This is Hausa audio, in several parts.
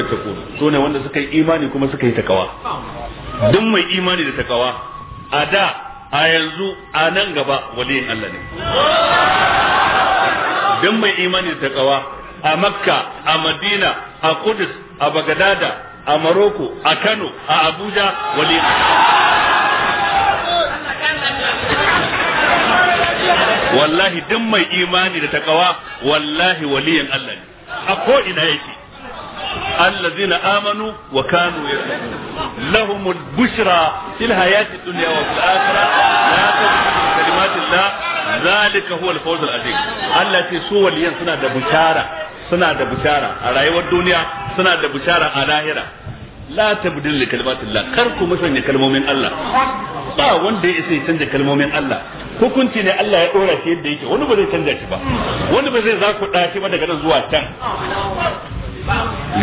yattaqun ne wanda suka yi imani kuma suka yi takawa duk mai imani da takawa a da a yanzu a nan gaba waliyin Allah ne duk mai imani da takawa a Makka a Madina a Kudus a Bagadada a Maroko a Kano a Abuja waliyin wallahi duk mai imani da takawa wallahi waliyin Allah ne a ko ina yake الذين آمنوا وكانوا يتقون لهم البشرى في الحياة الدنيا وفي الآخرة لا تبدل كلمات الله ذلك هو الفوز العظيم التي سوى الين سنة بشارة سنة بشارة على أيوة الدنيا سنة بشارة على هنا لا تبدل لكلمات الله كركم مثلا كلمومين الله ba wanda ya isa ya canza kalmomin Allah hukunci ne Allah ya dora shi yadda yake wani ba zai canza shi ba wani ba zai za ku ɗaci ba daga nan zuwa can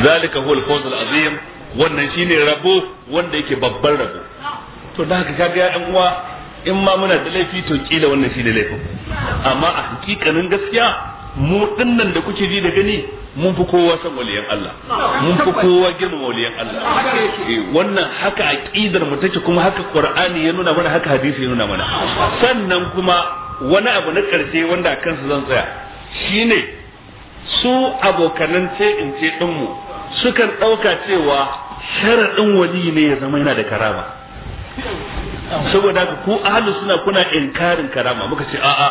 zalika huwal fawzul azim wannan shine rabo wanda yake babban rabo to da haka kaga ya uwa in ma muna da laifi to kila wannan shine laifin amma a hakikanin gaskiya mu dinnan da kuke ji da gani mun fi kowa san waliyan Allah mun fi kowa girman waliyan Allah eh, wannan haka aqidar mu take kuma haka Qur'ani ya nuna mana haka hadisi ya nuna mana sannan kuma wani abu na karshe wanda kansa zan tsaya shine su abokanan ce in ce ɗinmu sukan ɗauka cewa sharaɗin wali ne ya zama yana da karama saboda ka ku ahalu suna kuna inkarin karama muka ce a'a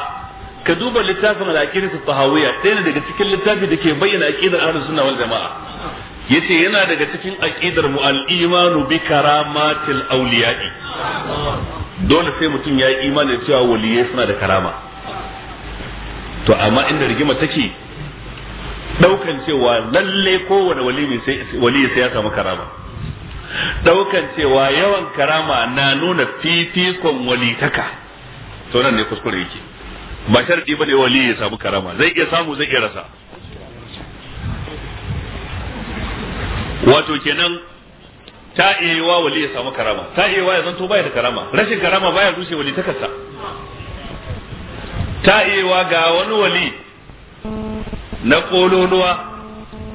ka duba littafin al'aqidar Daya ɗaya daga cikin littafi da ke bayyana aqidar ahlus sunna wal jama'a yace yana daga cikin aƙidar mu al-imanu bi karamatil awliya'i dole sai mutum ya yi imani cewa waliyai suna da karama to amma inda rigima take daukan cewa lalle kowane wali sai wali sai ya samu karama daukan cewa yawan karama na nuna fifikon walitaka to nan ne kuskure yake ba sharɗi bane wali ya samu karama zai iya samu zai iya rasa wato kenan ta iya wali ya samu karama ta iya ya zanto baya da karama rashin karama baya rushe wali takarsa ta iya ga wani wali na kololuwa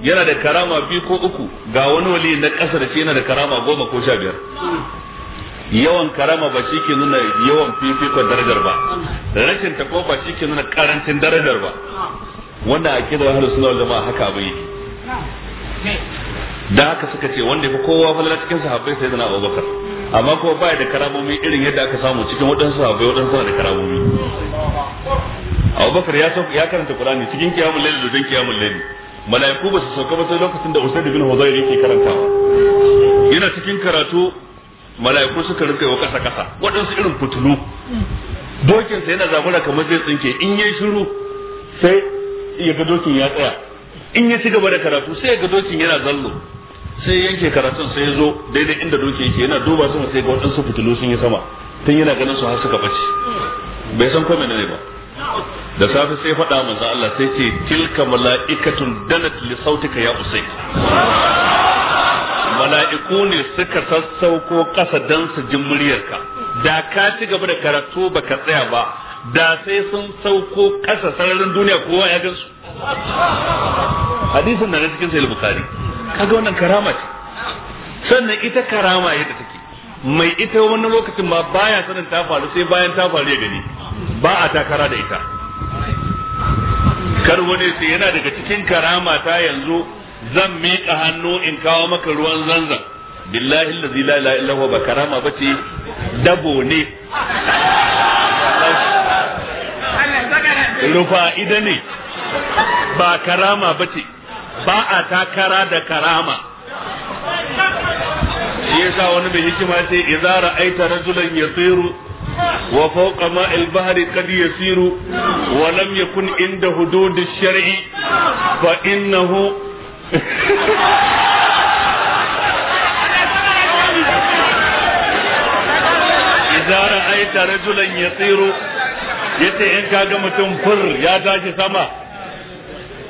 yana da karama biyu ko uku ga wani wali na ƙasa da shi yana da karama goma ko sha biyar yawan karama ba shi ke nuna yawan fifikon darajar ba rashin ta ba shi ke nuna karancin darajar ba wanda a kira wani suna wanda ma haka bai yi da haka suka ce wanda ya fi kowa falala cikin sahabbai sai zana abubakar amma ko baya da karamomi irin yadda aka samu cikin waɗansu sahabbai waɗansu da karamomi Abubakar ya sauka ya karanta Qur'ani cikin kiyamul layl da dan kiyamul layl mala'iku ba su sauka ba sai lokacin da Usaid bin Hudayr yake karantawa yana cikin karatu mala'iku suka rinka wa kasa kasa waɗansu irin fitulu dokin sa yana zagura kamar zai tsinke in yayi shiru sai ya ga dokin ya tsaya in ya ci gaba da karatu sai ya ga dokin yana zallo sai yanke karatun sai zo daidai inda doki yake yana duba sama sai ga waɗansu fitilu sun yi sama tun yana ganin su har suka bace bai san na ne ba da safe sai faɗa manzo Allah sai ce tilka mala'ikatun danat li sautika ya usai mala'iku ne suka sassauko ƙasa dan su ka muryarka da ka ci gaba da karatu baka tsaya ba da sai sun sauko ƙasa sararin duniya kowa ya gansu hadisin na cikin sahih bukhari kaga wannan karama ce sannan ita karama yadda take mai ita wani lokacin ma baya sanin ta faru sai bayan ta faru ya gani ba a takara da ita kar wani sai yana daga cikin karama ta yanzu zan miƙa hannu in kawo maka ruwan zanzan billahi allazi la ilaha illa ba karama bace dabo ne rufa ida ne ba karama bace ba a takara da karama shi yasa wani mai hikima ce idza ra'aita rajulan yasiru wa fawqa ma'il bahri qad yasiru wa lam yakun inda hudud ash-shar'i fa innahu idza ra'aita rajulan yasiru yace in kaga mutum fur ya tashi sama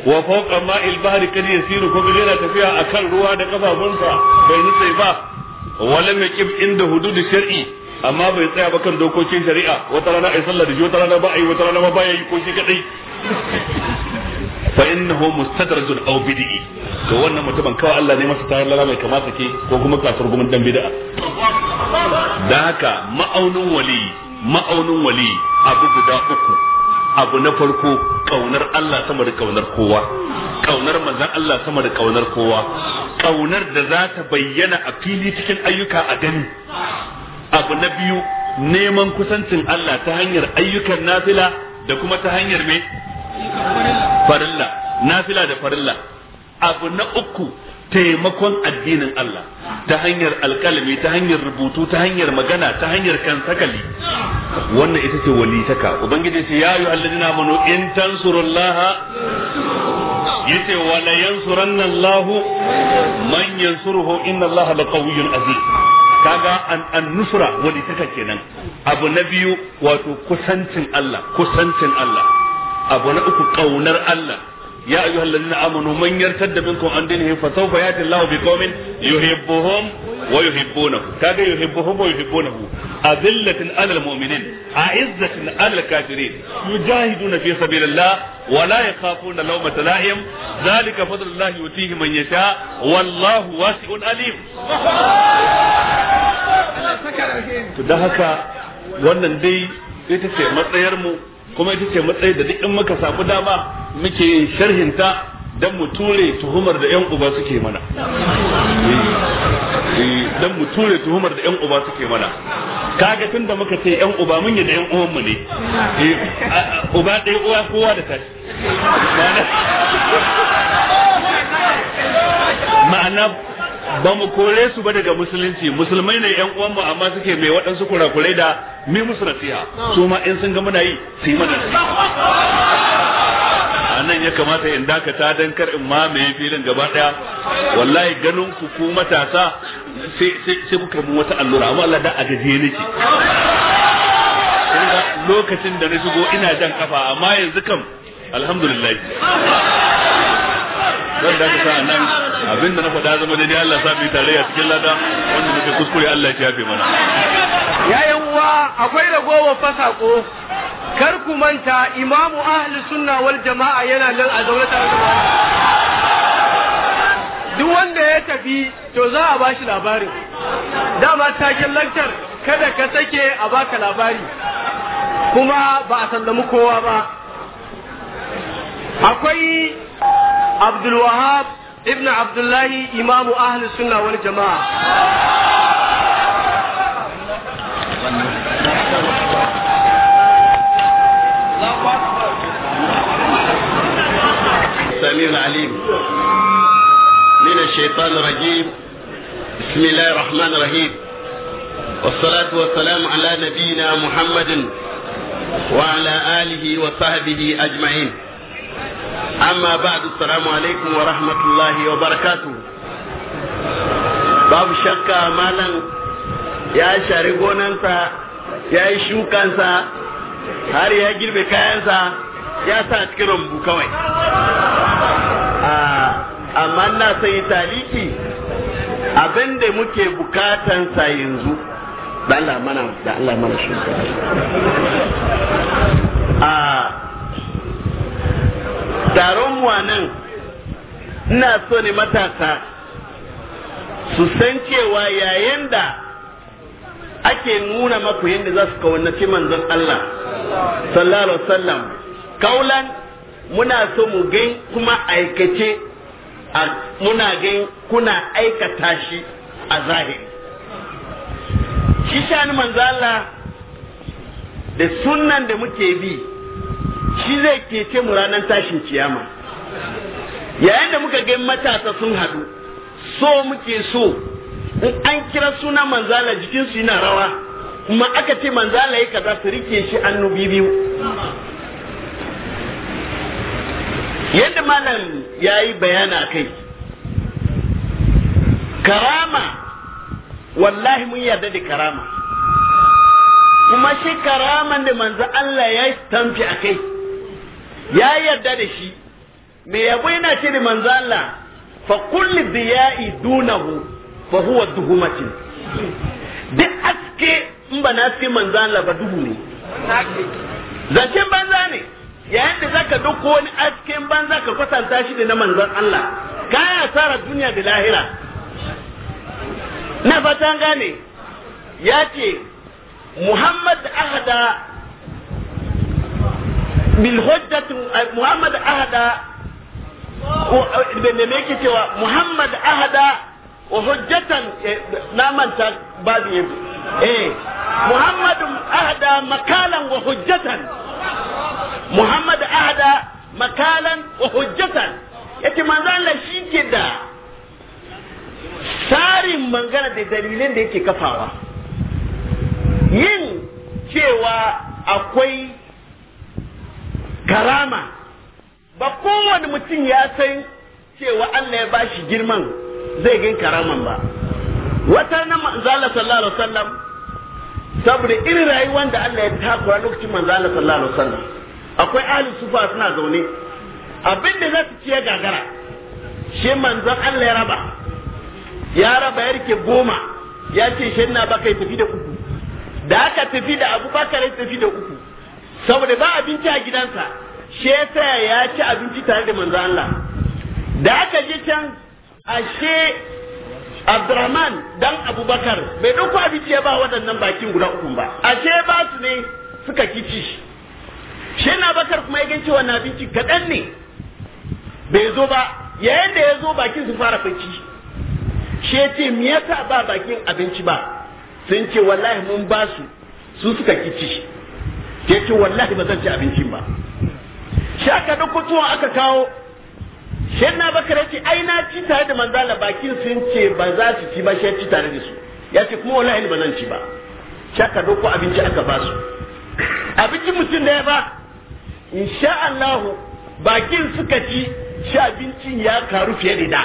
wa fawqa ma'il bahri kad yasiru ko yana tafiya akan ruwa da kafafunsa bai nutse ba wa lam yaqib inda hudud shar'i amma bai tsaya ba kan dokokin shari'a wata rana ai sallah da shi wata rana ba ai wata rana ma ba yayi ko shi kadai fa innahu mustadrajun aw bid'i to wannan mutumin kawai Allah ne masa tayar lala mai kamata ke ko kuma kasar gumin dan bid'a da haka ma'aunin wali ma'aunin wali abu guda uku abu na farko kaunar Allah sama da kaunar kowa kaunar manzan Allah sama da kaunar kowa kaunar da za ta bayyana a fili cikin ayyuka a gani abu na biyu neman kusancin Allah ta hanyar ayyukan nafila da kuma ta hanyar me farilla nafila da farilla abu na uku taimakon addinin Allah ta hanyar alkalami ta hanyar rubutu ta hanyar magana ta hanyar kansakali wannan ita ce walitaka ubangiji ce ya yi alladina manu in tansurullah yace wala yansuranna Allah man yansuruhu inna Allah laqawiyyun aziz kaga an an nusra walitaka kenan abu na biyu wato kusancin Allah kusancin Allah abu na uku kaunar Allah يا أيها الذين آمنوا من يرتد منكم عن دينه فسوف يأتي الله بقوم يحبهم ويحبونه كاجا يحبهم ويحبونه أذلة على المؤمنين أعزة على الكافرين يجاهدون في سبيل الله ولا يخافون لومة لائم ذلك فضل الله يؤتيه من يشاء والله واسع أليم to da haka wannan dai ita ce matsayarmu kuma ita ce matsayi da duk in muka samu dama muke yin sharhinta dan mu ture tuhumar da yan uba suke mana eh, eh, dan mu ture tuhumar da yan uba suke mana kaga tun da muka ce yan uba mun yi da yan uwanmu ne eh, uba ɗaya uwa kowa da tashi ma'ana ba mu kore su ba daga musulunci musulmai ne yan uwan mu amma suke mai waɗansu kurakurai da mi musu nasiha su ma in sun ga muna yi su yi mana a nan ya kamata in dakata dan kar in mamaye filin gaba daya wallahi ganin ku ku matasa sai kuka mun wata allura amma Allah da a gaje nake lokacin da na shigo ina jan kafa amma yanzu kam alhamdulillah zan dakata a nan abin da na faɗa zama daidai Allah sa mu a cikin lada wanda muke kuskure Allah ya yafe mana yayin wa akwai ragowar fasako kar ku manta imamu ahli sunna wal jama'a yana nan a zaune tare da duk wanda ya tafi to za a bashi labari dama taken lantar kada ka sake a baka labari kuma ba a sallamu kowa ba akwai abdulwahab ابن عبد الله إمام أهل السنة والجماعة السميع العليم من الشيطان الرجيم بسم الله الرحمن الرحيم والصلاة والسلام على نبينا محمد وعلى آله وصحبه أجمعين amma ba'du assalamu alaikum wa rahmatullahi wa barakatuh babu shakka malam ya share gonansa ya yi shukansa har ya girbe kayansa ya sa cikin rumbu kawai amma na sai taliki abin da muke bukatansa yanzu da Allah mana da Allah mana shuka a taron mu nan ina so ne matasa su san cewa yayin da ake nuna maku yadda za su kawannaci manzon Allah sallallahu alaihi wasallam kaulan muna so mu gai kuma aikace muna gai kuna aikata shi a zahiri shi shani manzon Allah da sunan da muke bi shi zai kece mu ranar tashin kiyama yayin da muka ga matasa sun haɗu so muke so in an kira sunan manzala jikinsu yana rawa kuma aka ce manzala ya kaza su rike shi annubi biyu yadda malam ya yi bayana kai karama wallahi mun yarda da karama kuma shi karaman da manzo Allah ya tamfi a kai ya yarda da shi me yabo ina ce da manzo Allah fa kulli diya'i dunahu fa huwa duhumatin duk aske in ba na ce manzo Allah ba duhu ne zancen banza ne yayin da zaka duk wani asken banza ka kwatanta shi da na manzon Allah kaya tsara duniya da lahira na fatan gane ya ce Muhammad ahada بالحجة محمد أهدى da me cewa Muhammad ahada wa hujjatan eh, na manta babu yanzu eh Muhammad ahada makalan wa hujjatan Muhammad ahada makalan wa hujjatan yace manzo Allah ke da tsarin mangana da dalilin da yake kafawa yin cewa akwai karama ba kowane mutum ya san cewa Allah ya bashi girman zai gan karaman ba wata na manzala sallallahu alaihi wasallam saboda irin rayuwar da Allah ya takura lokacin manzala sallallahu alaihi wasallam akwai ahli sufa suna zaune abin da za su ci gagara shi manzon Allah ya raba ya raba ya rike goma ya ce shi na baka tafi da uku da aka tafi da abubakar tafi da uku saboda ba abinci a gidansa shi yasa ya ci abinci tare da manzo Allah da aka je can ashe Abdurrahman dan Abubakar bai dauko abinci ya ba waɗannan bakin guda uku ba ashe ba su ne suka kici shi shi na bakar kuma ya cewa na abinci kaɗan ne bai zo ba yayin da ya zo bakin su fara fici shi ya ce me yasa ba bakin abinci ba sun ce wallahi mun ba su su suka kici shi ya ce wallahi ba zan ci abincin ba shi aka ɗauko tuwon aka kawo shi na bakar ya ai na ci tare da manzala bakin sun ce ba za su ci ba shi ci tare da su ya ce kuma wallahi ba zan ci ba shi aka ɗauko abinci aka ba su abincin mutum da ya ba insha Allah bakin suka ci shi abincin ya karu fiye da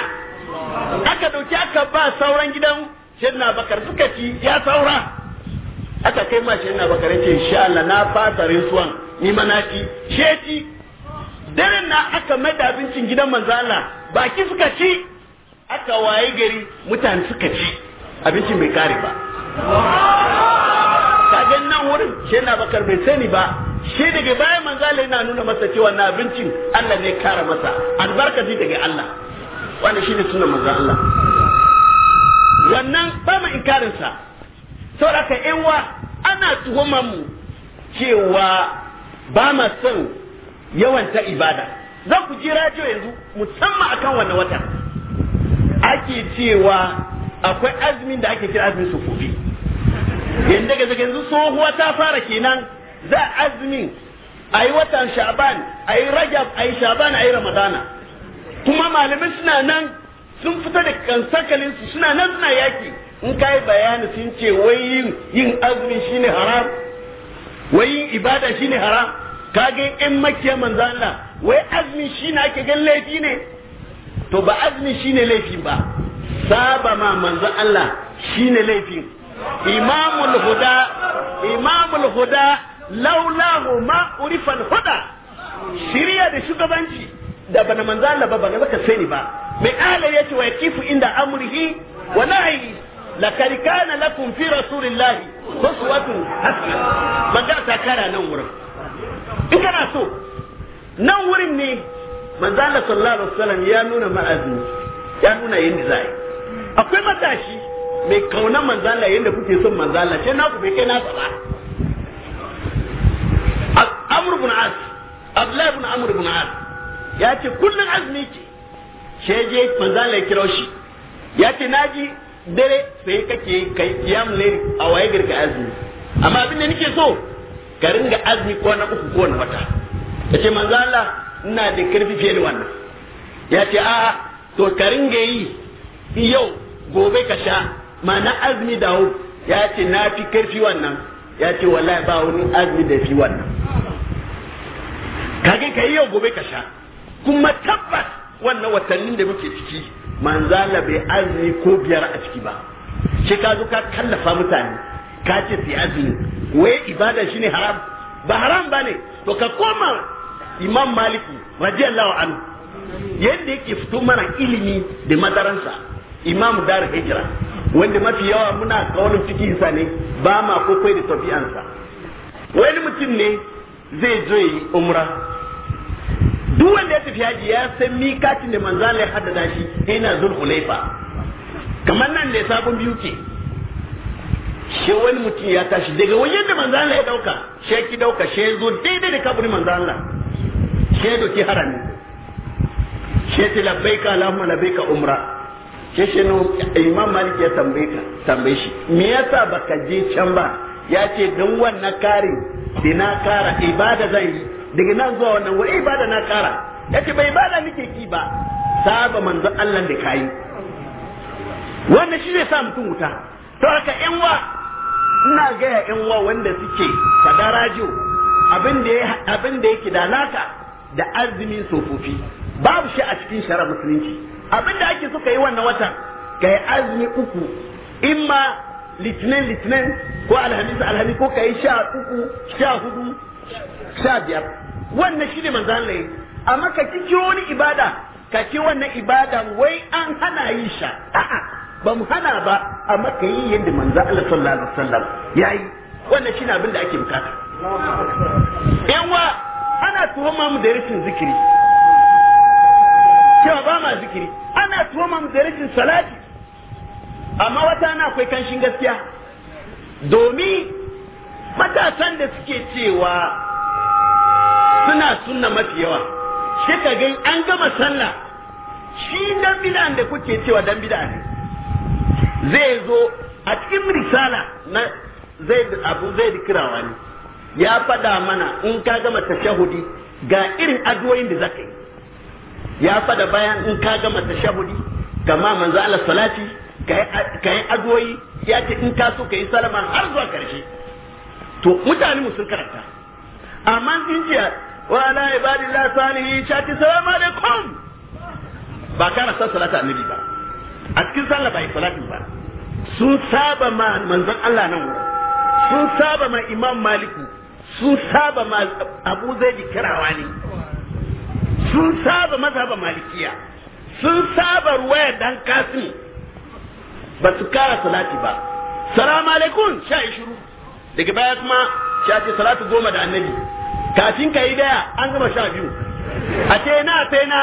aka ɗauki aka ba sauran gidan shi na bakar suka ci ya saura aka kai ma shi ina baka race insha Allah na fasa rinsuwan ni ma na ci sheti daren na aka mai da abincin gidan manzo Allah baki suka ci aka waye gari mutane suka ci abincin bai kare ba kagan nan wurin shi ina bakar bai sani ba shi daga bayan manzo Allah yana nuna masa cewa na abincin Allah ne kare masa albarka ji daga Allah wannan ne sunan manzo Allah wannan ba mu inkarin sa saboda ka yanwa ana tuhumar mu cewa ba ma son yawan ta ibada za ku ji rajiyo yanzu musamman akan wannan wata. ake cewa akwai azumin da ake kira azumin su kofi. yanda ga yanzu tsohuwa ta fara kenan za azumin a yi watan sha'ban a yi rajab a yi sha'ban a yi ramadana kuma malamai suna nan sun fita da kansakalinsu, suna nan suna yaki in kai bayani sun ce wai yin yin shi ne haram wai yin ibada shi ne haram kage in makiya manzo Allah wai azumi shine ake gan laifi ne to ba azumi ne laifi ba saba ma manzo Allah shi ne laifin imamul huda imamul huda laulahu ma urifal huda shirya da shugabanci da bana manzo Allah ba ba ka sani ba mai ala yace wa yakifu inda amrihi wa nahyi لقد كان لكم في رسول الله أسوة حسنة مجال تكارا نور إن كان سو نور مني manzala sallallahu alaihi wasallam ya nuna ma'azini ya nuna yin zai akwai matashi mai kauna manzala yadda kuke son manzala sai na ku bai kai nasa ba amr ibn as abdullah ibn amr ibn as ya ce kullun azmi ce sai je manzala ya kira shi ya ce ji. dare sai kake kai kiyam ne a waye garga azumi amma abin da nake so ka ringa azumi ko na uku ko na wata yace manzo Allah ina da karfi fiye da wannan ya a a to ka ringa yi yau gobe ka sha mana azumi dawo ya ce na fi karfi wannan ya wallahi ba wani azumi da fi wannan kage ka yau gobe ka sha kuma tabbas wannan watannin da muke ciki manzala bai azumi ko biyar a ciki ba shi ka zo ka kallafa mutane ka ce su azumi wai ibada ne haram ba haram ba ne to ka koma imam maliki radiyallahu anhu yadda yake fito mana ilimi da madaransa imam dar hijira wanda mafi yawa muna cikin cikinsa ne ba ma kokwai da tafiyansa wani mutum ne zai zo yi umra duk wanda ya tafi haji ya san mikatin da manzo Allah ya haddada shi zul hulaifa kamar nan da sabon biyu ke she wani mutum ya tashi daga wajen da manzo Allah ya dauka she ki dauka she zo daidai da kaburin manzo Allah she doki harami she ta labbaika allahumma labbaika umra she she no imam malik ya tambaye tambaye shi me yasa baka je can ba ya ce dan wannan karin dina kara ibada zai. yi daga nan zuwa wannan wani ibada na kara yace bai ibada nake ki ba saba manzon Allah da kayi wannan shi zai sa mutum wuta to haka yan wa ina ga yan wa wanda suke kada radio abin da abin da yake da alaka da azumin sofofi babu shi a cikin shara musulunci abin da ake so ka yi wannan watan ka azumi uku imma litinin litinin ko alhamis alhamis ko ka sha uku sha hudu sha biyar wannan ne manzo Allah yi amma ka ki kiro wani ibada ka ki wannan ibada wai an hana yi sha a'a ba mu hana ba amma ka yi yadda manzo Allah sallallahu alaihi wasallam yayi wannan ne abin da ake bukata yawa ana tuhuma mu da rashin zikiri cewa ba ma zikiri ana tuhuma mu da rashin salati amma wata ana akwai kanshin gaskiya domin matasan da suke cewa suna sunna mafi yawa shi ka gani an gama sallah shi dan bid'a da kuke cewa dan bid'a ne zai zo a cikin risala na zai abu zai kirawa wani ya fada mana in ka gama tashahudi ga irin addu'o'in da zaka yi ya fada bayan in ka gama tashahudi ma manzo Allah salati kai yi addu'o'i ya ce in ka so ka yi salama har zuwa karshe to mutane mu sun karanta amma in jiya وعلى عباد الله الصالحين شاتي السلام عليكم ba kana san salata annabi ba a cikin sallah ba salatin ba sun saba ma manzon Allah nan wurin sun saba ma imam maliku sun saba ma abu zai kirawa ne sun saba mazhaba malikiya sun saba ruwaya dan kasim ba su kara salati ba salamu alaikum sha shiru daga baya kuma sha ce salatu goma da annabi kafin ka yi daya an gama sha biyu a ce ina sai na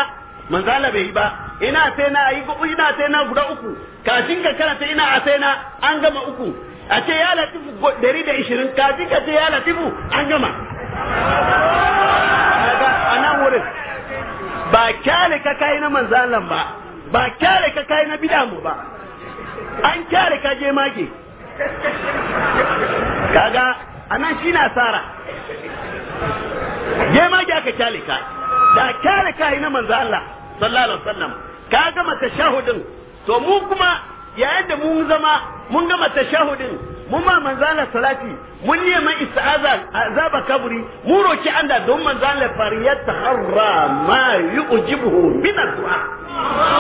manzala bai yi ba ina sai na yi ina sai na guda uku kafin ka karanta ina a sai na an gama uku a ce ya latifu dari da ishirin kafin ka ce ya latifu an gama a nan wurin ba kyale ka kai na manzalan ba ba kyale ka kai na bida mu ba an kyale ka je mage kaga anan shi na tsara jemage aka kyale ka da kyale ka na manzo Allah sallallahu alaihi wasallam ka gama tashahudin to mu kuma yayin da mun zama mun gama tashahudin mun ma manzo Allah salati mun nema ista'aza azaba kaburi mun roki Allah don manzo Allah ya taharra ma yu'jibuhu min addu'a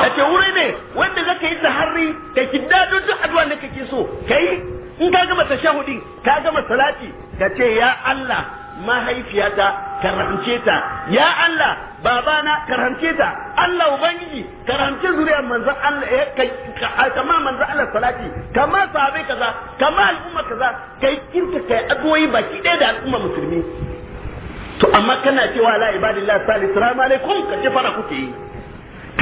kace wuri ne wanda zaka yi taharri ka kiddado duk addu'a da kake so kai in ka gama tashahudin ka gama salati ka ce ya Allah mahaifiyata karance ta ya Allah babana karance ta Allah ubangiji karance zuriyar manzon Allah eh, kai kama manzon Allah salati kama sahabe kaza kama al'umma kaza kai kirka kai adwoyi baki ɗaya da al'umma musulmi to amma kana cewa la ibadillah salih alaikum ka ce fara kuke yi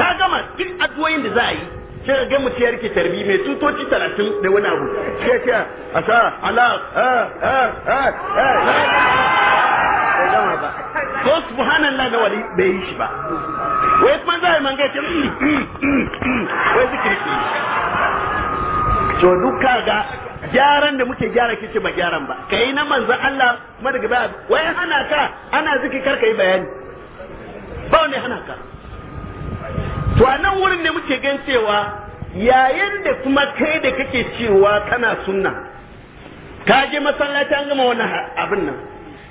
ka gama duk adwoyin da za a yi sai ga mu ciyar ki tarbi mai tutoci talatin da wani abu sai ce a sa ala ko subhanallah na wali bai yi shi ba wai kuma zai a yi manga mm, mm, mm, wai zikiri ki to duka ga gyaran da muke gyara kici ba gyaran ba kai na manzo Allah kuma daga baya wai hana ka ana zikir karkai bayani ba ne hana ka to a nan wurin ne muke gan cewa yayin da kuma kai da kake cewa kana sunna ka je masallaci an gama wannan abin nan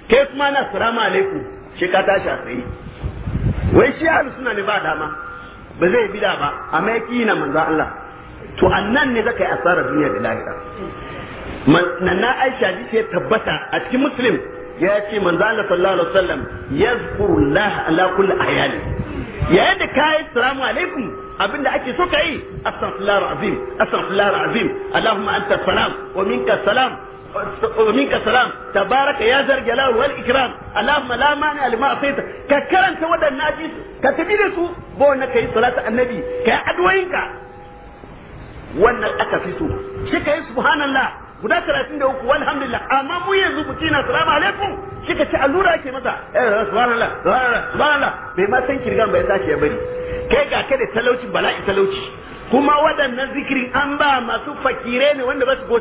kai kuma na salamu alaikum shi ka tashi a tsaye wai shi ahlus sunna ne ba dama ba zai bida ba amma yi na manzo Allah to annan ne zaka yi asarar duniya da lahira Aisha ji tabbata a cikin muslim ya ce manzo Allah sallallahu alaihi wasallam yazkuru Allah ala kulli ayali yayin da yi salamu alaikum abinda ake so kai astaghfirullah azim astaghfirullah azim allahumma anta salam wa minka salam wa minka salam tabaraka ya zal jalal wal ikram allahumma la mani ka karanta wadannan hadisi ka tafi da su ba wannan kai annabi kai addu'o'inka wannan aka fi so shi subhanallah guda talatin da uku alhamdulillah amma mu yanzu buki salamu alaikum shi ka ci allura ake masa eh, subhanallah subhanallah bai ma san kirgan bai tashi ya bari kai ga kada da talauci bala'i talauci kuma waɗannan zikirin an ba masu fakire ne wanda ba su go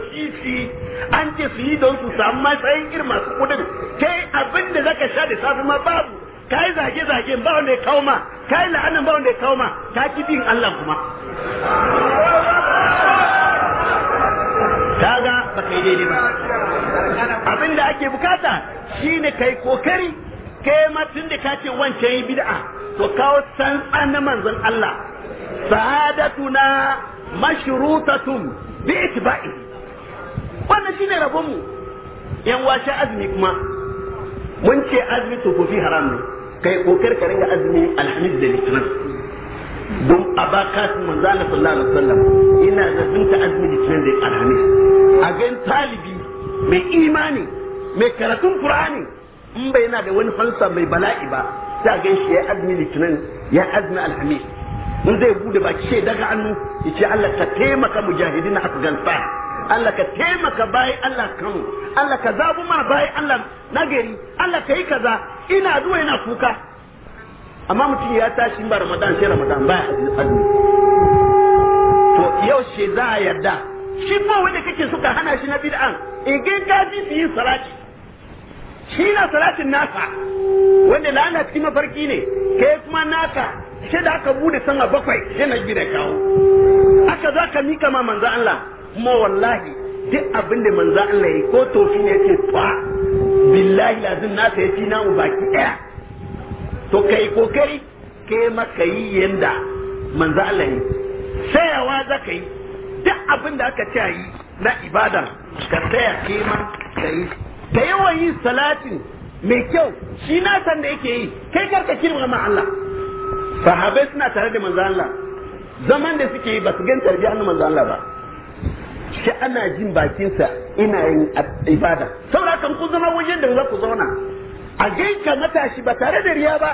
an ce su yi don su samu matsayin irin masu kudin kai abin da zaka sha da safi ma babu kai zage zage ba wanda ya kawo ma kai la'anan ba wanda ya kawo ma ta ki bin Allah kuma kaga ba kai daidai ba abin da ake bukata shine kai kokari kai ma tun da ka ce wancan yi bid'a to kawo san na manzon Allah sahadatuna mashrutatun bi itba'i wannan shine rabon mu yan washe azumi kuma mun ce azumi to fi haram ne kai kokar ka ringa azumi alhamis da don a ba kasin manzana sallallahu alaihi wasallam ina da azumi litinin da alhamis a gan talibi mai imani mai karatun qur'ani in bai yana da wani fansa mai bala'i ba sai a gan shi ya azumi litinin ya azumi alhamis in zai bude baki sai daga hannu ya ce Allah ka taimaka mujahidin afghanistan Allah ka taimaka bayi Allah kan Allah ka zabu ma bayi Allah nagari Allah ka yi kaza ina zuwa ina kuka amma mutum ya tashi ba ramadan sai ramadan baya azumi to yau she za a yarda shi ko wanda kake suka hana shi na bid'an in ga gaji yin salati shi na salatin nasa wanda lana cikin mafarki ne kai kuma naka sai da aka bude sama bakwai na gida kawo aka za ka mika ma manzo Allah kuma wallahi duk abin da manzo Allah ya ko tofi ne ce fa billahi na nasa ya fi namu baki daya to kai kokari ke maka yi yanda manzo Allah ne sayawa za ka yi duk abin da aka ce yi na ibada ka saya ke ma ka yi yawan yin salatin mai kyau shi na san da yake yi kai karka kirma ma Allah sahabai suna tare da manzo Allah zaman da suke yi ba su gan tarbiyyar manzo Allah ba shi ana jin bakinsa ina yin ibada saboda kan ku zama wajen da za ku zauna a gaika matashi ba tare da riya ba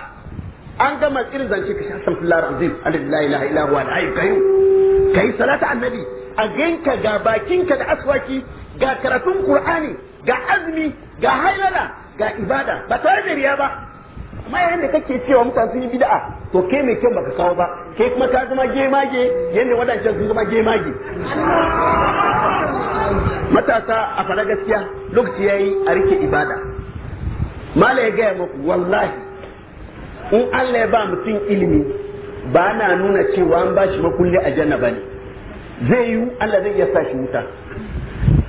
an gama zance ka sha samfullah razim alhamdulillah ilaha illa huwa alhayy qayyum kai salata annabi a ganka ga bakinka da aswaki ga karatun kur'ani ga azmi ga hailala ga ibada ba tare da riya ba amma yayin da kake cewa mutane sun yi bid'a to kai mai kyan baka kawo ba kai kuma ka zama gemage yanda wadancan sun zama gemage matasa a fara gaskiya lokaci yayi a rike ibada mala ya gaya muku wallahi in Allah ya ba mutum ilimi ba na nuna cewa an ba shi makulli a janna bane zai yi Allah zai iya sa shi wuta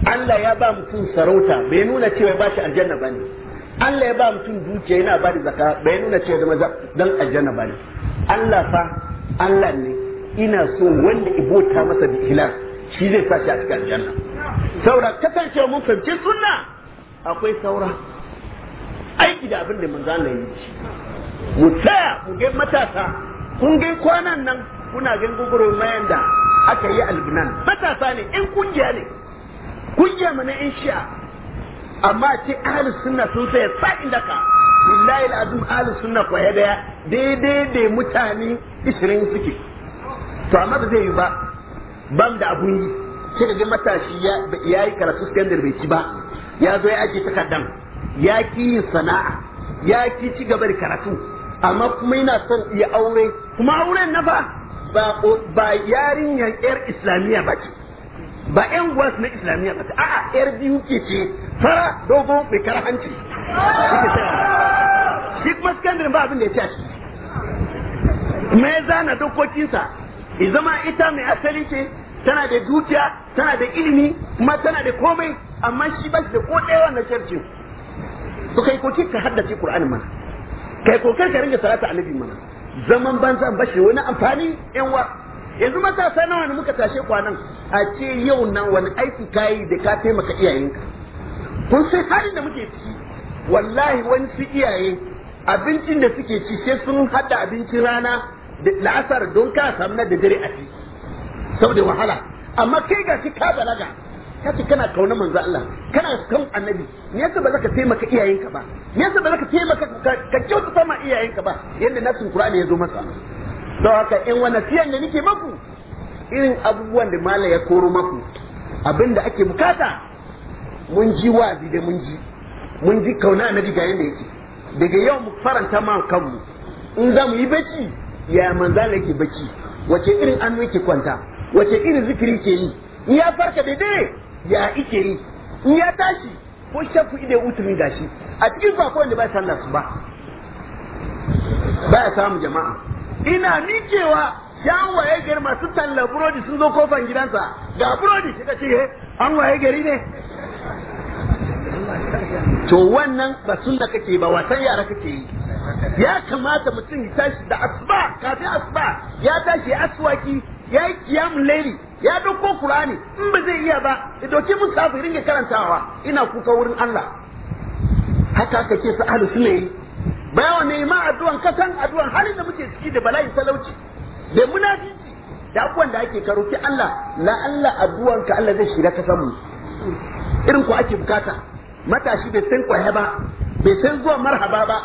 Allah ya ba mutum sarauta bai nuna cewa ya ba shi aljanna bane Allah ya ba mutum dukiya yana ba da zaka bai nuna cewa zama dan aljanna bane Allah fa Allah ne ina so wanda ibota masa bi shi zai sa shi a cikin aljanna saura kasance mun fahimci sunna akwai saura aiki da abin da mun zana yi shi mu tsaya mu ga matasa kun ga kwanan nan kuna ga gogoro mayan da aka yi albinan matasa ne in kungiya ne kungiya mana in shi'a amma ce ahli sunna sun tsaya sa'in daka billahi alazim ahli sunna kwaya daya daidai da mutane 20 suke to amma ba zai yi ba bam da abun yi sai da matashi ya yi karatu standard bai ci ba ya zo ya ake takardan. ya ki yin sana'a ya ki ci gaba da karatu amma kuma yana son ya aure kuma auren na ba ba yarinyar yar islamiyya ba ce ba yan gwas na islamiyya ba ce a'a yar biyu ke ce fara dogo mai kara shi kuma skandarin ba abin da ya ce a ciki zana dokokinsa izama ita mai asali ce tana da dukiya tana da ilimi kuma tana da komai amma shi ba shi da ko ɗaya wannan sharcin to kai ko ka haddace qur'anin mana kai ko kai ka ringa salata annabi mana zaman banza bashi wani amfani yan wa yanzu matasa nawa ne muka tashe kwanan a ce yau nan wani aiki kayi da ka taimaka iyayenka kun sai halin da muke ciki wallahi wani su iyaye abincin da suke ci sai sun hadda abincin rana da la'asar don ka samu da dare a ci saboda wahala amma kai ga ka balaga ce kana kauna manzo Allah kana kan annabi me yasa ba zaka taimaka iyayenka ba me yasa ba zaka taimaka ka kyautu sama iyayenka ba yanda nasin Qur'ani ya zo masa don haka in wannan siyan da nake maku irin abubuwan da mala ya koro maku abin ake bukata mun ji wazi da mun ji mun ji kauna annabi ga yanda yake daga yau mu faranta ma kanmu in za mu yi bacci ya Allah yake bacci wace irin an yake kwanta wace irin zikiri ke yi in ya farka daidai ya ike yi in ya tashi ko shafu idan utumin gashi a cikin ba wanda ba sallah su ba ya samu jama'a ina mikewa yan waye gari masu talla burodi sun zo kofan gidansa ga burodi shi ka ce eh, an waye gari ne to wannan ba sunna kake ba wasan yara kake yi ya kamata mutum ya tashi da asuba kafin asuba ya tashi aswaki ya yi kiyamun ya dauko Qur'ani in ba zai iya ba ya mun musafi ringe karantawa ina kuka wurin Allah haka aka ce su ahlus yi bayawa ne ma addu'an kasan addu'an halin da muke ciki da bala'in talauci da munafici da abubuwan da ake karo ki Allah la Allah addu'an ka Allah zai shiga kasan mu irin ku ake bukata matashi bai san kwaye ba bai san zuwa marhaba ba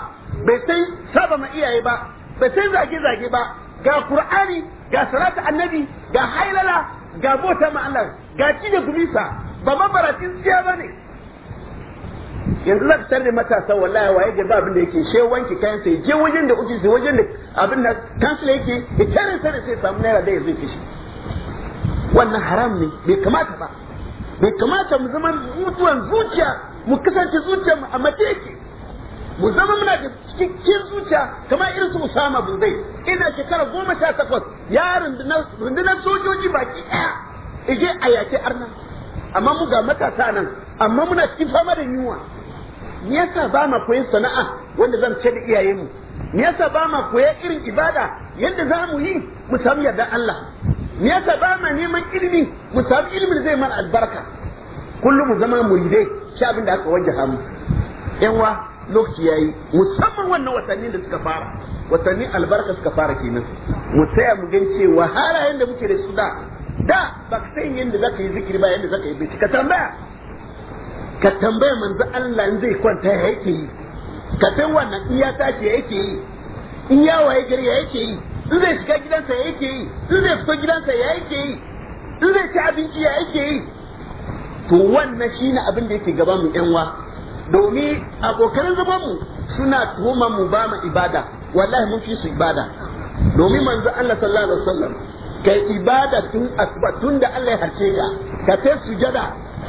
bai san saba ma iyaye ba bai san zage zage ba ga qur'ani ga salatu annabi ga hailala ga bota ma Allah ga ci da gumisa ba mabaratin tsiya ba ne yanzu za ka da matasa wallahi waye ga ba abin da yake she wanki kayan sai je wajen da ofis wajen da abin da kansila yake ya tare tare sai samu naira da ya zai fishi wannan haram ne bai kamata ba bai kamata mu zama mutuwan zuciya mu kasance zuciya mu a mace yake mu zama muna da cikin zuciya kamar irin su Usama bin Zaid ina shekara goma sha takwas ya rundunar sojoji baki ɗaya ije a yaƙi arna amma mu ga matasa nan amma muna cikin fama da yunwa me yasa ba ma koyi sana'a wanda zan ce da iyayenmu me yasa ba ma koya irin ibada yadda za mu yi mu samu yarda Allah me yasa ba ma neman ilimi mu samu ilimin zai mana albarka kullum mu zama muridai shi abin da aka wajaha mu yan lokaci yayi musamman wannan watanni da suka fara watanni albarka suka fara kenan mu tsaya mu gan cewa halayen da muke da su da da ba ka san yadda zaka yi zikiri ba yadda zaka yi bici ka tambaya ka tambaya manzo Allah in zai kwanta ya yake yi ka san wannan iya ya tashi ya yake yi in ya waye gari ya yake yi in zai shiga gidansa ya yake yi in zai fito gidansa ya yake yi in zai ci abinci ya yake yi to wannan shine abin da yake gaban mu yan wa domin abokan zamanmu suna tuhuma mu ba mu ibada wallahi mun fi su ibada domin manzo Allah sallallahu alaihi wasallam kai ibada tun asuba tun da Allah ya harce ka ka ta sujada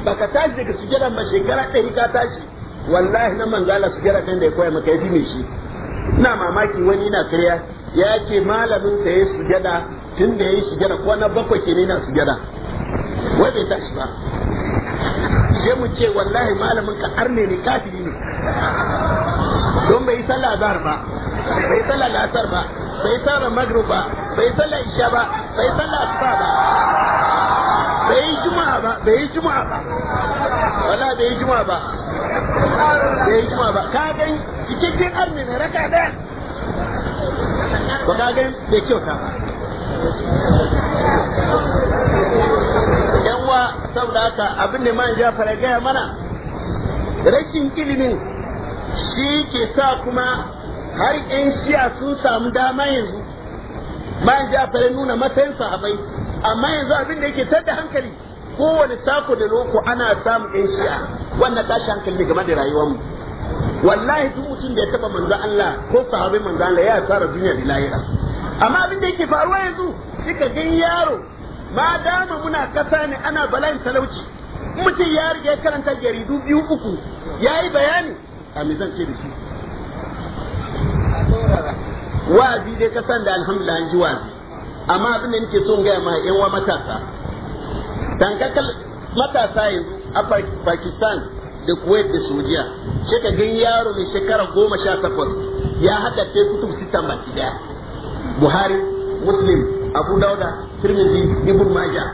baka tashi daga sujada ba shekara ɗari ka tashi wallahi na manzo Allah sujada kan da ya koya maka yafi mai shi ina mamaki wani na kariya ya ce malamin sa yayi sujada tun da yayi sujada kwana bakwai ne na sujada wai bai tashi ba sai mu ce wallahi malamin ka arne ne kafiri ne don bai sallah azhar ba bai sallah lasar ba bai sallah maghrib ba bai sallah isha ba bai sallah asuba ba bai yi juma'a ba bai yi juma'a ba wala bai yi juma'a ba bai yi juma'a ba ka ga cikakken arne ne raka da ba ka ga bai kyauta ba saboda haka abin da man jafar ya gaya mana rashin ilimin shi ke sa kuma har yan shiya sun samu dama yanzu man jafar ya nuna a bai amma yanzu abin da yake tada hankali kowane sako da loko ana samun yan shi'a wannan tashi hankali game da rayuwarmu wallahi duk mutum da ya taba manzo Allah ko sahabbai manzo Allah ya tsara duniya da lahira amma abin da yake faruwa yanzu kika gan yaro ma dama muna kasa ne ana bala'in talauci mutum ya riga ya karanta jaridu biyu uku ya yi bayani a me da shi wa'azi dai kasan da alhamdulillah an ji wa'azi amma abin da nake son gaya ma yan wa matasa kal matasa yanzu a pakistan da kuwait da saudiya sai ka gani yaro mai shekara goma sha takwas ya haɗa kutub sitan baki daya buhari muslim abu dauda tirmidhi ibn majah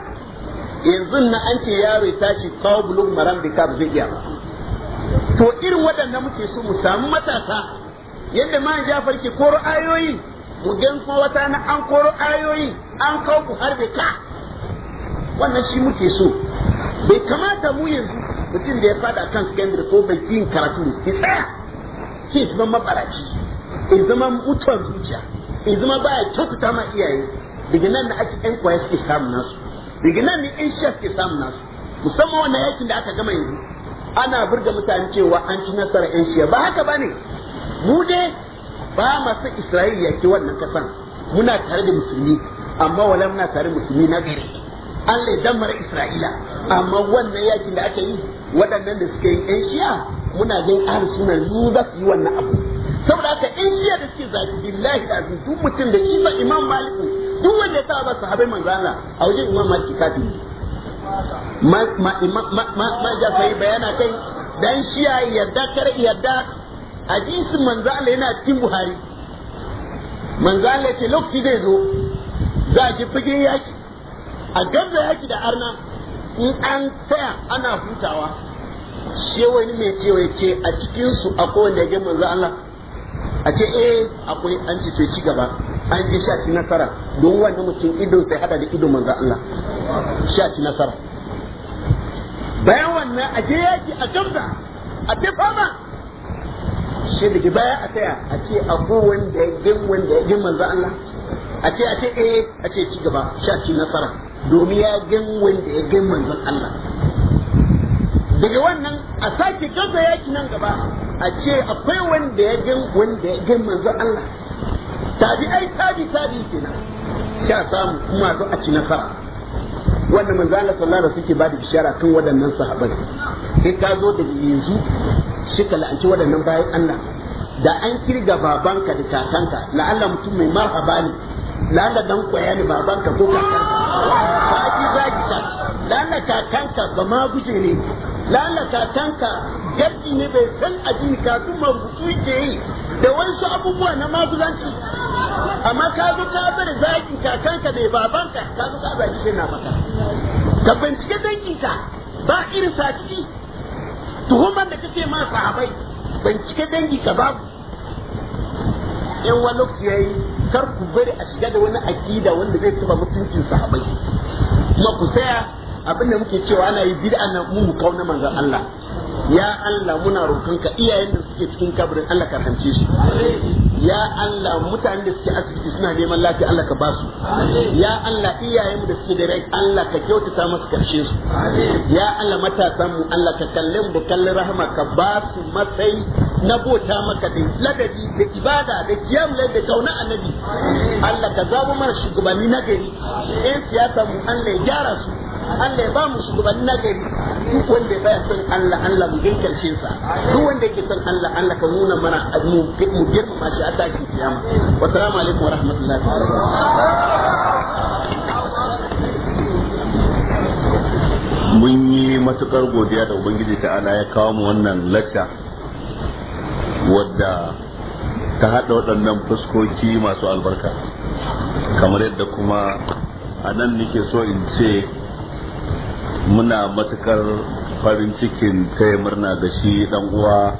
yanzu na an ce yaro ya tashi kawo maram bi kab zai to irin wadannan muke so mu samu matasa yadda ma jafar ke koro ayoyi mu gan kuma wata na an koro ayoyi an kawo ku har ka wannan shi muke so bai kamata mu yanzu mutum da ya fada kan secondary ko bai yin karatu ki tsaya ke zama mabaraci ki zama mutuwar zuciya ki zama baya kyautata ma iyaye daga nan da ake ɗan kwaya suke samun nasu daga nan ne in shef ke samun nasu musamman wannan yakin da aka gama yanzu ana burga mutane cewa an ci nasara ɗan shef ba haka ba ne mu dai ba masu isra'ila ke wannan kasan muna tare da musulmi amma wala muna tare musulmi na gari Allah ya damar Isra'ila amma wannan yakin da aka yi waɗannan da suka yi ɗan shiya muna ganin ahli suna zu za su yi wannan abu saboda haka ɗan shiya da suke zaki billahi da duk mutum da ba imam maliku duk wanda ya sa ba sahabai manzo Allah a wajen imam maliki kafiri ma ma ma ma ja sai bayana kai dan shiya yadda kar yadda hadisin manzo Allah yana cikin Buhari manzo Allah ce lokaci zai zo za ki fige yaki a gaza yaki da arna in an tsaya ana hutawa she wani mai cewa ce a cikin su akwai wanda ya manzo Allah a ce eh akwai an ce ci gaba an ji sha ci nasara don wani mutum idon sai hada da idon manzo Allah sha ci nasara bayan wannan a je yaki a gamza a ce fama? shi da baya a tsaya a ce abu wanda ya gin wanda ya gin manzo Allah a ce a ce eh a ce ci gaba sha ci nasara domin ya gin wanda ya gin manzo Allah daga wannan a sake gaza yaki nan gaba a ce akwai wanda ya gin wanda ya gin manzo Allah tabi ai tabi tabi kenan sha samu kuma zo a ci nasara wannan manzo Allah sallallahu alaihi suke bada bishara kan waɗannan sahabbai sai ka zo da yanzu shi ka la'anci waɗannan bayan Allah da an kirga babanka da kakanka la'alla mutum mai marhaba ne la'alla dan koya ne babanka ko kakanka ba a ji zagi ta la'alla kakanka ba ma guje ne la'alla kakanka gaddi ne bai san addini kafin marubutu yake yi da wasu abubuwa na mazuzanci amma ka zo ka bari zagin kakanka da babanka ka zo ka bari shi na maka ka bincike danginka ba irin sati, tuhumar da kake ma sahabai bincike danginka babu in wani lokaci yayi kar ku bari a shiga da wani aƙida wanda zai taba mutuncin sahabai kuma ku tsaya abinda muke cewa ana yi bid'a na mu kauna manzon Allah ya Allah muna roƙonka iyayen da suke cikin kabarin Allah ka rahance su ya Allah mutanen da suke asibiti suna neman lafiya Allah ka basu ya Allah iyayen da suke da rai Allah ka kyautata masu karshe su ya Allah matasan mu Allah ka kallin mu rahama ka basu matsayi na bota maka da ladabi da ibada da kiyam da kauna annabi Allah ka zabo mana shugabanni na gari in siyasa mu Allah ya gyara su Allah ya ba mu shugabanni na gari duk wanda baya son Allah Allah mu girkalce sa duk wanda yake son Allah Allah ka nuna mana mu mu girmama shi a tashi kiyama wa salamu alaikum wa rahmatullahi mun yi matukar godiya da ubangiji ta'ala ya kawo mu wannan lacca wadda ta haɗa waɗannan fuskoki masu albarka kamar yadda kuma a nan nake so in ce muna matukar farin cikin kai murna ga shi dan uwa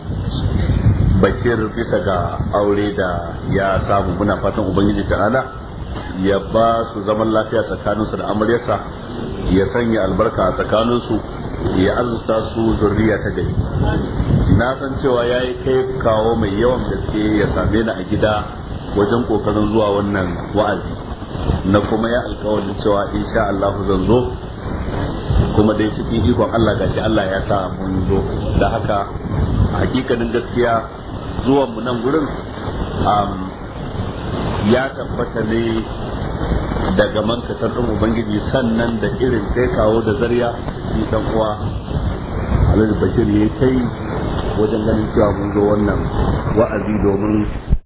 bakir bisa ga aure da ya samu muna fatan ubangiji ta'ala ya ba su zaman lafiya tsakaninsu da amaryarsa ya sanya albarka a tsakaninsu ya arzuta su zurriya ta gari na san cewa ya yi kai kawo mai yawan gaske ya same ni a gida wajen kokarin zuwa wannan wa'azi na kuma ya alkawarin cewa in sha Allah zan zo kuma dai cikin ikon Allah shi Allah ya sa mun zo da haka hakikanin gaskiya zuwan mu nan gurin ya tabbata ne daga mankatar ɗin ubangiji sannan da irin kai kawo da zarya shi dan uwa alhaji bashir ya kai wajen ganin cewa mun zo wannan wa'azi domin